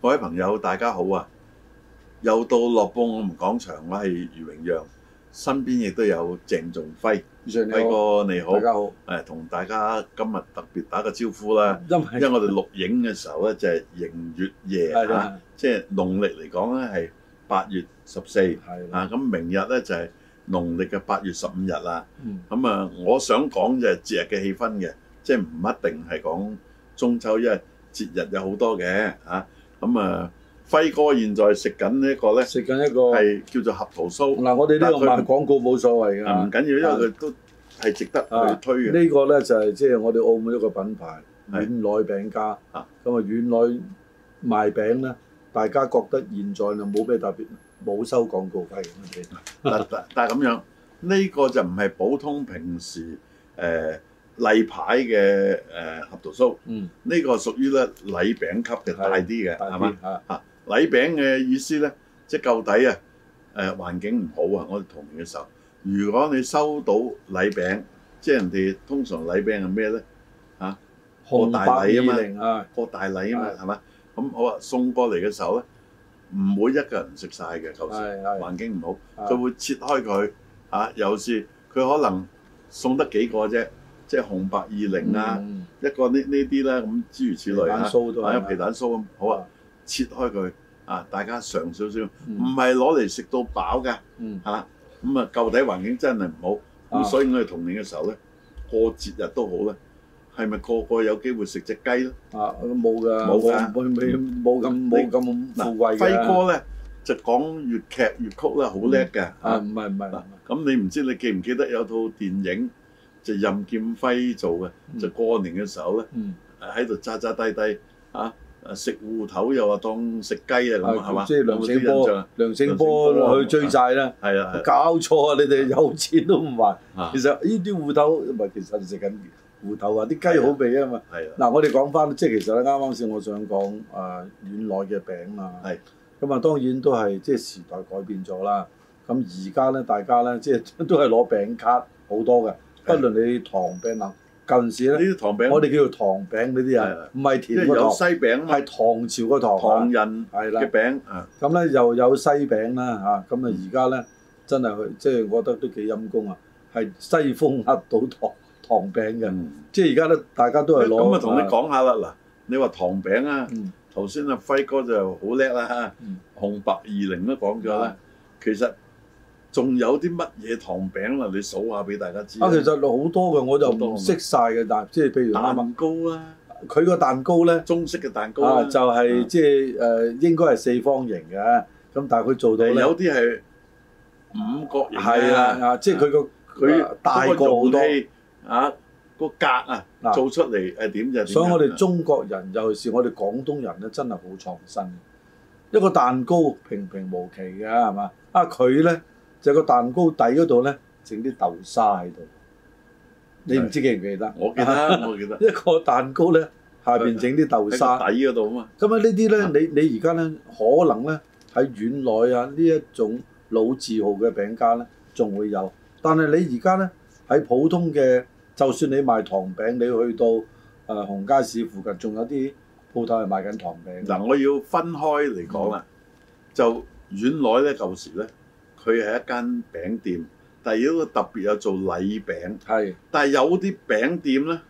各位朋友，大家好啊！又到樂報我們講場，我係余榮陽，身邊亦都有鄭仲輝。輝哥，你好，你好，大家好。誒，同大家今日特別打個招呼啦，因為我哋錄影嘅時候呢，就係迎月夜，即係農曆嚟講呢，係八、 啊、月十四，吓咁的、啊、明日呢，就係、是。農曆嘅八月十五日啦，咁啊，我想講就係節日嘅氣氛嘅，即係唔一定係講中秋，因為節日有好多嘅嚇。咁啊，啊，輝哥現在食緊呢一個咧，食緊一個係叫做合桃酥。嗱、啊，我哋呢個賣廣告冇所謂㗎，唔、啊啊、緊要，因為佢都係值得去推嘅。啊啊這個、呢個咧就係即係我哋澳門一個品牌，遠來餅家。啊，咁啊，遠來賣餅咧，大家覺得現在就冇咩特別。冇收廣告費咁啊！但但咁樣呢、這個就唔係普通平時誒例、呃、牌嘅誒、呃、合桃酥，嗯，呢個屬於咧禮餅級嘅、嗯、大啲嘅，係嘛？嚇嗎禮餅嘅意思咧，即係舊底啊！誒、呃、環境唔好啊！我哋童年嘅時候，如果你收到禮餅，即、就、係、是、人哋通常禮餅係咩咧？嚇、啊、過大禮啊嘛，過大禮啊嘛，係嘛、啊？咁我話送過嚟嘅時候咧。唔會一個人食晒嘅，舊時環境唔好，佢會切開佢嚇，有時佢可能送得幾個啫，即係紅白二零啊，嗯、一個呢呢啲咧咁諸如此類啊，蛋酥皮蛋酥咁好啊，嗯、切開佢啊，大家嘗少少，唔係攞嚟食到飽嘅嚇，咁、嗯、啊舊底環境真係唔好，咁、嗯、所以我哋童年嘅時候咧，過節日都好咧。係咪個個有機會食隻雞咯？啊，冇㗎，冇㗎，冇冇冇咁冇咁富貴㗎。輝哥咧就講粵劇粵曲咧，好叻㗎。啊，唔係唔係。咁你唔知你記唔記得有套電影就任劍輝做嘅，就過年嘅時候咧，喺度扎扎地地嚇，食芋頭又話當食雞啊咁啊，係嘛？有冇啲印象啊？梁醒波去追債啦，係啊係啊，搞錯啊！你哋有錢都唔還，其實呢啲芋頭唔係，其實食緊。芋頭啊，啲雞好味啊嘛！嗱、啊，我哋講翻，即係其實咧，啱啱先我想講啊，院內嘅餅嘛、啊，咁啊的當然都係即係時代改變咗啦。咁而家咧，大家咧即係都係攞餅卡好多嘅，不論你糖餅啦、啊，近時咧，呢啲糖餅我哋叫做糖餅呢啲啊，唔係的甜的的有西種，係唐朝個唐唐人嘅餅啊，咁咧、嗯嗯、又有西餅啦、啊、嚇，咁啊而家咧真係去，即係我覺得都幾陰功啊，係西風壓倒唐。糖餅嘅，即係而家都大家都係攞咁啊！同你講下啦，嗱，你話糖餅啊，頭先阿輝哥就好叻啦，紅白二零都講咗啦。其實仲有啲乜嘢糖餅啊？你數下俾大家知啊！其實好多嘅，我就唔識晒嘅，但即係譬如蛋文糕啊，佢個蛋糕咧，中式嘅蛋糕啊，就係即係誒，應該係四方形嘅。咁但係佢做到有啲係五角形嘅，係啊，即係佢個佢大過好多。啊、那個格啊，啊做出嚟係點就點，所以我哋中國人，啊、尤其是我哋廣東人咧，真係好創新。一個蛋糕平平無奇嘅係嘛？啊佢咧就個、是、蛋糕底嗰度咧整啲豆沙喺度。的你唔知記唔記得？我記得，我記得一個蛋糕咧，下邊整啲豆沙底嗰度啊嘛。咁啊呢啲咧的，你你而家咧可能咧喺遠來啊呢一種老字號嘅餅家咧仲會有，但係你而家咧喺普通嘅。就算你賣糖餅，你去到誒紅街市附近，仲有啲鋪頭係賣緊糖餅。嗱，我要分開嚟講啦，哦、就原來咧，舊時咧，佢係一間餅店，但係都特別有做禮餅。係是。但係有啲餅店咧，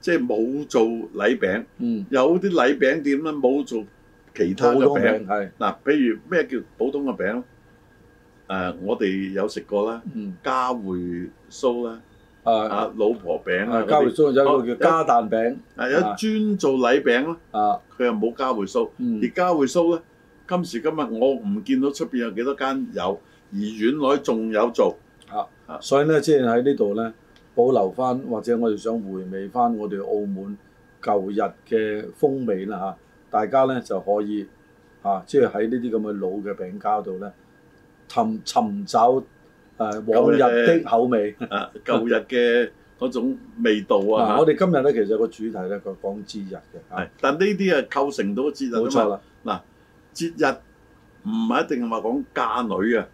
即係冇做禮餅。嗯。有啲禮餅店咧冇做其他嘅餅。普通餅係。嗱，譬如咩叫普通嘅餅？誒、呃，我哋有食過啦，家會、嗯、酥啦。啊！老婆餅啊，加會酥，有一個叫加蛋餅，啊有專做禮餅咯，啊佢又冇加會酥。而加會酥咧，今時今日我唔見到出邊有幾多間有，而原來仲有做啊，所以咧即係喺呢度咧保留翻，或者我哋想回味翻我哋澳門舊日嘅風味啦嚇，大家咧就可以啊，即係喺呢啲咁嘅老嘅餅家度咧尋尋找。誒舊、啊、日的口味，舊呢、 啊、日嘅嗰種味道啊！ 啊我哋今日咧其實個主題咧講講節日嘅、啊，但呢啲啊構成到節日冇錯啦，嗱、啊、節日唔係一定話講嫁女啊，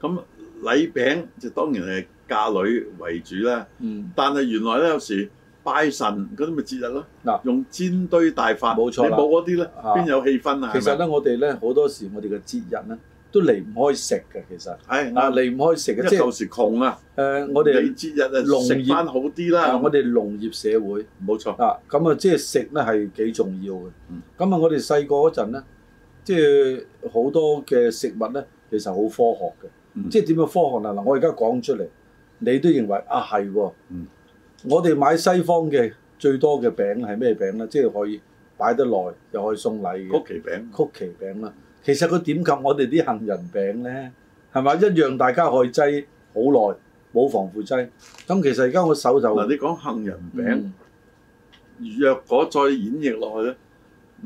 咁禮餅就當然係嫁女為主、啊嗯、啦。但係原來咧有時拜神嗰啲咪節日咯，用煎堆大發，你冇嗰啲咧邊有氣氛啊？啊啊其實咧我哋咧好多時我哋嘅節日咧。 呢都離唔開食嘅，其實，誒的，離唔開食嘅，即係到時窮啊。誒，我哋農業節日啊，食翻好啲啦。我哋農業社會冇錯。嗱，咁啊，即係、就是、食咧係幾重要嘅。咁啊、嗯，我哋細個嗰陣咧，即係好多嘅食物咧，其實好科學嘅。嗯、即係點樣科學啊？嗱，我而家講出嚟，你都認為啊，係喎。嗯、我哋買西方嘅最多嘅餅係咩餅咧？即、就、係、是、可以擺得耐又可以送禮嘅曲奇餅。曲奇餅啦。其實佢點及我哋啲杏仁餅咧，係咪一樣大家可以滯好耐冇防腐劑？咁其實而家我手就嗱，你講杏仁餅，若果再演繹落去咧，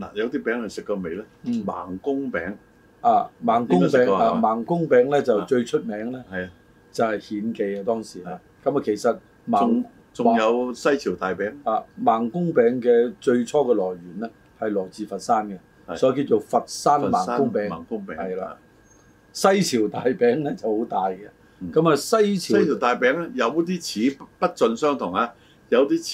嗱，有啲餅你食過未咧？盲公餅啊，盲公餅啊，盲公餅咧就最出名咧，就係顯記啊當時。咁啊，其實仲仲有西樵大餅啊，盲公餅嘅最初嘅來源咧係來自佛山嘅。所以叫做佛山盲公餅，盲公餅，係啦。西樵大餅咧就好大嘅，咁啊西樵、嗯、西樵大餅咧有啲似不盡相同啊，有啲似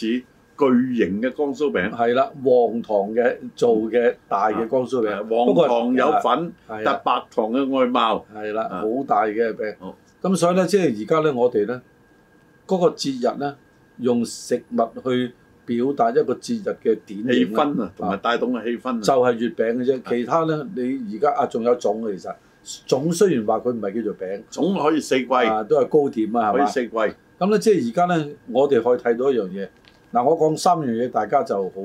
巨型嘅光酥餅。係啦，黃糖嘅做嘅大嘅光酥餅，黃糖有粉，特白糖嘅外貌。係啦，好大嘅餅。好。咁所以咧，即係而家咧，我哋咧嗰個節日咧，用食物去表達一個節日嘅典禮啊，同埋、啊、帶動嘅氣氛、啊，就係月餅嘅啫。的其他咧，你而家啊，仲有粽嘅，其實粽雖然話佢唔係叫做餅，粽可以四季，啊、都係糕點啊，係嘛？可以四季。咁咧、啊嗯，即係而家咧，我哋可以睇到一樣嘢。嗱、啊，我講三樣嘢，大家就好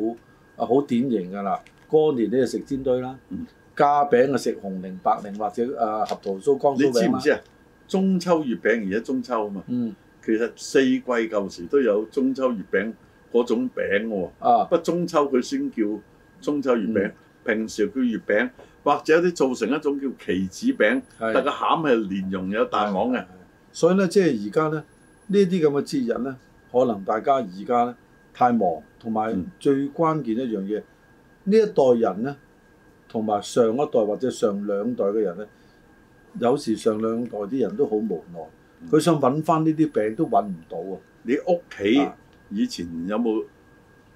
啊，好典型㗎啦。過、那個、年你就食煎堆啦，加、嗯、餅就食紅菱、白菱，或者啊核桃酥、江蘇餅你知唔知啊？中秋月餅，而家中秋啊嘛。嗯。其實四季舊時都有中秋月餅。嗰種餅喎、哦，啊、不中秋佢先叫中秋月餅，嗯、平時叫月餅，或者啲做成一種叫棋子餅。是但個餡係蓮蓉有蛋黃嘅。所以咧，即係而家咧，呢啲咁嘅節日咧，可能大家而家咧太忙，同埋最關鍵一樣嘢，呢、嗯、一代人咧，同埋上一代或者上兩代嘅人咧，有時上兩代啲人都好無奈，佢、嗯、想揾翻呢啲餅都揾唔到啊！你屋企。啊以前有冇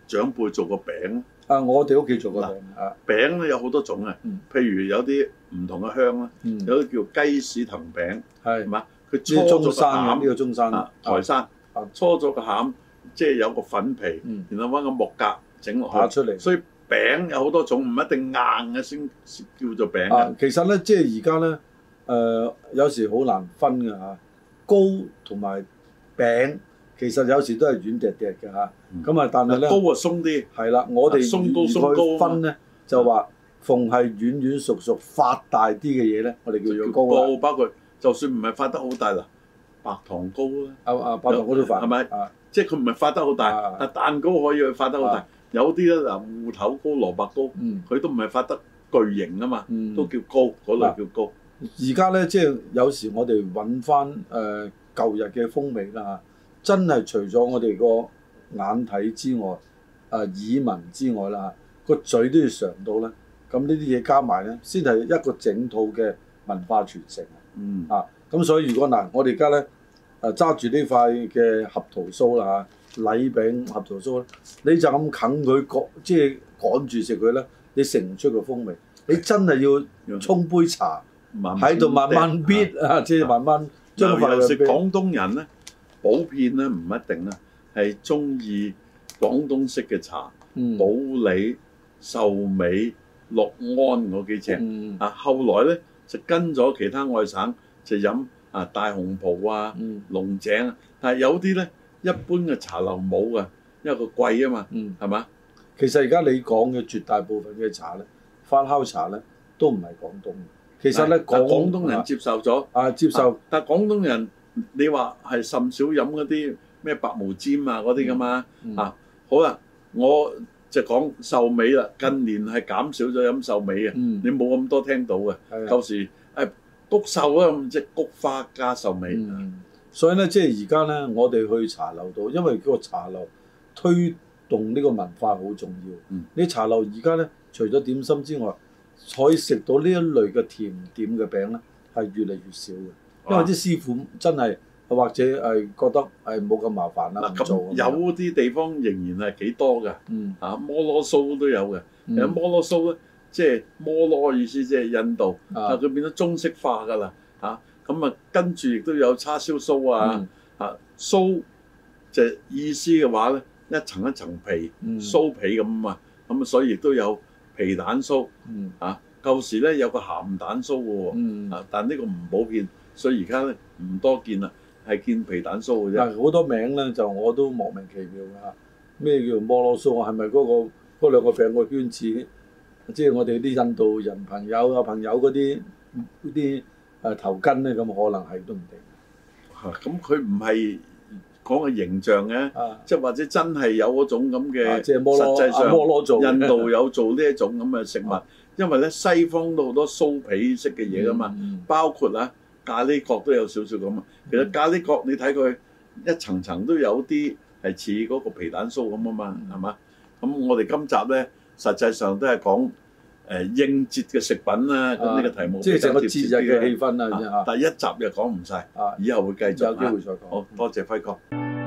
長輩做過餅啊？我哋屋企做過餅啊。餅咧有好多種啊，譬如有啲唔同嘅香啦，嗯、有啲叫雞屎藤餅，係嘛是？佢搓咗個餡呢、呢個中山，啊、台山、啊啊、搓咗個餡，即係有個粉皮，嗯、然後揾個木格整落下去出嚟。所以餅有好多種，唔一定硬嘅先叫做餅啊。其實咧，即係而家咧，誒、呃、有時好難分㗎嚇，糕同埋餅。啊啊啊啊啊其實有時都係軟疊疊嘅嚇，咁啊，但係咧，高啊鬆啲，係啦，我哋鬆糕鬆糕分咧，就話逢係軟軟熟熟發大啲嘅嘢咧，我哋叫做糕，包括就算唔係發得好大啦，白糖糕啦，啊啊白糖糕都發，係咪啊？即係佢唔係發得好大，但蛋糕可以發得好大。有啲咧嗱，芋頭糕、蘿蔔糕，佢都唔係發得巨型啊嘛，都叫糕，嗰類叫糕。而家咧，即係有時我哋揾翻誒舊日嘅風味啦嚇。真係除咗我哋個眼睇之、呃、之外，啊耳聞之外啦嚇，個嘴都要嚐到咧。咁、啊、呢啲嘢加埋咧，先係一個整套嘅文化傳承、嗯、啊。嗯啊，咁所以如果嗱，我哋而家咧誒揸住呢塊嘅、啊、合桃酥啦嚇，禮、啊、餅合桃酥咧，你就咁啃佢，趕即係趕住食佢咧，你食唔出個風味。你真係要沖杯茶，喺度、嗯嗯、慢慢搣，啊、嗯嗯嗯嗯，即係慢慢將、嗯。就又食廣東人咧。普遍咧唔一定啦，係中意廣東式嘅茶，普洱、嗯、壽眉、六安嗰幾隻啊。嗯、後來咧就跟咗其他外省就飲啊大紅袍啊、嗯、龍井啊。但係有啲咧一般嘅茶樓冇啊，因為佢貴啊嘛，係嘛、嗯？吧其實而家你講嘅絕大部分嘅茶咧，發酵茶咧都唔係廣東，其實咧廣廣東人接受咗啊，啊，啊，接受。啊、但係廣東人。你話係甚少飲嗰啲咩白毛尖啊嗰啲㗎嘛、嗯、啊好啦，我就講壽眉啦。近年係減少咗飲壽眉啊，嗯、你冇咁多聽到嘅。舊、嗯、時誒菊壽啦，即係菊花加壽眉、嗯、所以咧，即係而家咧，我哋去茶樓度，因為個茶樓推動呢個文化好重要。你、嗯、茶樓而家咧，除咗點心之外，可以食到呢一類嘅甜點嘅餅咧，係越嚟越，越少嘅。因為啲師傅真係或者係覺得誒冇咁麻煩啦，唔、啊、有啲地方仍然係幾多嘅。嗯、啊，摩羅酥都有嘅。嗯、摩羅酥咧，即係摩羅意思，即係印度。啊。佢、啊、變咗中式化㗎啦。嚇、啊！咁啊，跟住亦都有叉燒酥啊。嗯、啊，酥即係意思嘅話咧，一層一層皮，酥皮咁啊。咁啊，所以亦都有皮蛋酥。嗯、啊。嚇！舊時咧有個鹹蛋酥喎。啊，但呢個唔普遍。所以而家咧唔多見啦，係見皮蛋酥嘅啫。好多名咧就我都莫名其妙㗎，咩叫摩羅酥？係咪嗰個嗰兩個餅個圈子？即係我哋啲印度人朋友啊、朋友嗰啲嗰啲誒頭巾咧，咁可能係都唔定。嚇、啊！咁佢唔係講係形象嘅，即係、啊、或者真係有嗰種咁嘅即實際上、啊、摩羅做 印度有做呢一種咁嘅食物，啊、因為咧西方都好多酥皮式嘅嘢㗎嘛，包括啦。咖喱角都有少少咁啊！其實咖喱角你睇佢一層層都有啲係似嗰個皮蛋酥咁啊嘛，係嘛？咁我哋今集咧實際上都係講誒應節嘅食品啦。咁呢個題目接接、啊、即係成個節日嘅氣氛啊。第、啊、一集又講唔晒，啊、以後會繼續、啊、有機會再講、啊。好，多謝輝哥。